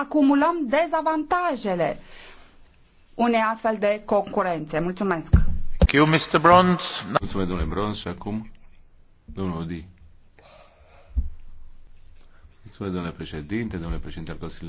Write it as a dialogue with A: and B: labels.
A: acumulăm dezavantajele unei astfel de concurențe. Mulțumesc!
B: Thank you, Mr. Bronze. Mulțumesc, domnule Bronz, și acum domnul Odi. Mulțumesc, domnule președinte, domnule președinte al Consiliului.